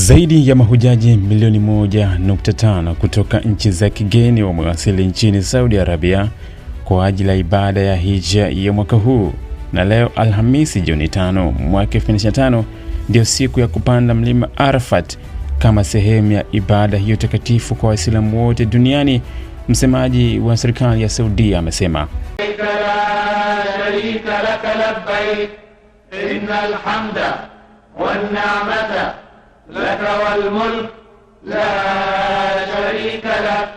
Zaidi ya mahujaji milioni 1.5 kutoka nchi za kigeni wamewasili nchini Saudi Arabia kwa ajili ya ibada ya hija ya mwaka huu, na leo Alhamisi Juni 5 mwaka 2025 ndiyo siku ya kupanda mlima Arafat kama sehemu ya ibada hiyo takatifu kwa Waislamu wote duniani. Msemaji wa serikali ya Saudia amesema innal hamda wan ni'mata لك والملك لا شريك لك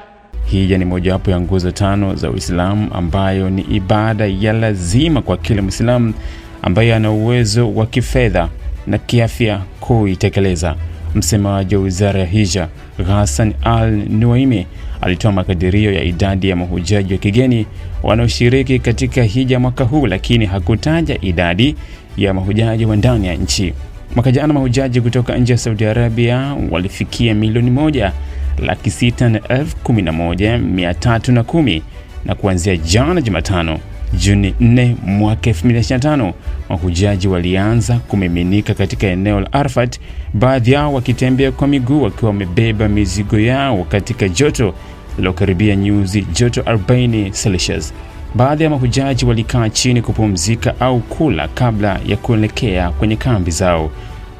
Hija ni mojawapo ya nguzo tano za Uislamu ambayo ni ibada ya lazima kwa kila Mwislamu ambaye ana uwezo wa kifedha na kiafya kuitekeleza. Msemaji wa Wizara ya Hija, Hassan Al-Nuaimi, alitoa makadirio ya idadi ya mahujaji wa kigeni wanaoshiriki katika hija mwaka huu, lakini hakutaja idadi ya mahujaji wa ndani ya nchi. Mwaka jana mahujaji kutoka nje ya Saudi Arabia walifikia milioni moja laki sita na elfu kumi na moja mia tatu na kumi na kuanzia jana Jumatano Juni 4 mwaka 2025 mahujaji walianza kumiminika katika eneo la Arafat, baadhi yao wakitembea kwa miguu wakiwa wamebeba mizigo yao katika joto lilokaribia nyuzi joto 40 Celsius. Baadhi ya mahujaji walikaa chini kupumzika au kula kabla ya kuelekea kwenye kambi zao.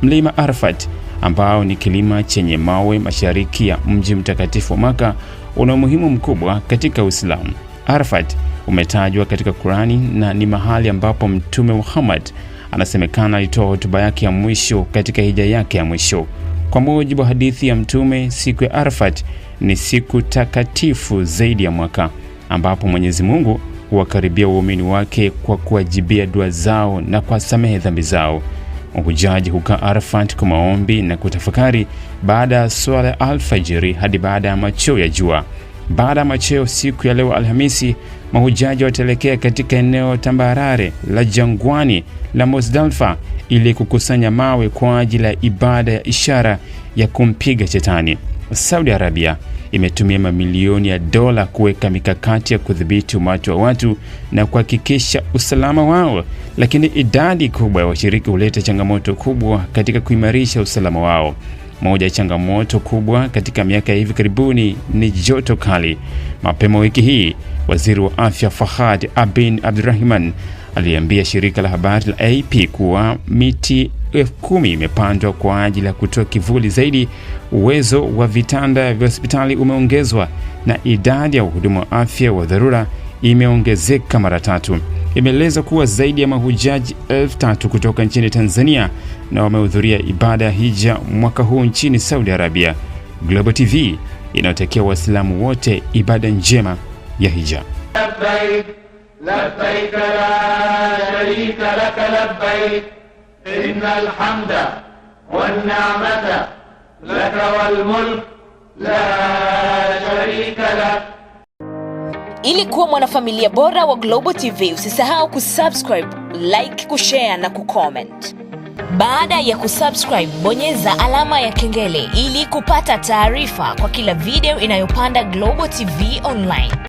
Mlima Arafat ambao ni kilima chenye mawe mashariki ya mji mtakatifu wa Maka una umuhimu mkubwa katika Uislamu. Arafat umetajwa katika Kurani na ni mahali ambapo Mtume Muhammad anasemekana alitoa hotuba yake ya mwisho katika hija yake ya mwisho. Kwa mujibu wa hadithi ya Mtume, siku ya Arafat ni siku takatifu zaidi ya mwaka ambapo Mwenyezi Mungu kuwakaribia waumini wake kwa kuwajibia dua zao na kuwasamehe dhambi zao. Mahujaji hukaa Arafat kwa maombi na kutafakari baada ya swala ya alfajiri hadi baada ya macheo ya jua. Baada ya macheo siku ya leo Alhamisi, mahujaji wataelekea katika eneo tambarare la jangwani la mosdalfa ili kukusanya mawe kwa ajili ya ibada ya ishara ya kumpiga Shetani. Saudi Arabia imetumia mamilioni ya dola kuweka mikakati ya kudhibiti umati wa watu na kuhakikisha usalama wao, lakini idadi kubwa ya washiriki huleta changamoto kubwa katika kuimarisha usalama wao. Moja ya changamoto kubwa katika miaka ya hivi karibuni ni joto kali. Mapema wiki hii, waziri wa afya Fahad Abin Abdurrahman aliambia shirika la habari la AP kuwa miti F10 imepandwa kwa ajili ya kutoa kivuli zaidi. Uwezo wa vitanda vya hospitali umeongezwa na idadi ya wahudumu wa afya wa dharura imeongezeka mara tatu. Imeeleza kuwa zaidi ya mahujaji elfu tatu kutoka nchini Tanzania na wamehudhuria ibada ya hija mwaka huu nchini Saudi Arabia. Global TV inayotakia Waislamu wote ibada njema ya hija. Labbaik, labbaik la sharika laka labbaik إن الحمد والنعمة لك والملك لا شريك لك Ili kuwa mwanafamilia bora wa Global TV usisahau kusubscribe, like, kushare na kucomment. Baada ya kusubscribe, bonyeza alama ya kengele ili kupata taarifa kwa kila video inayopanda Global TV Online.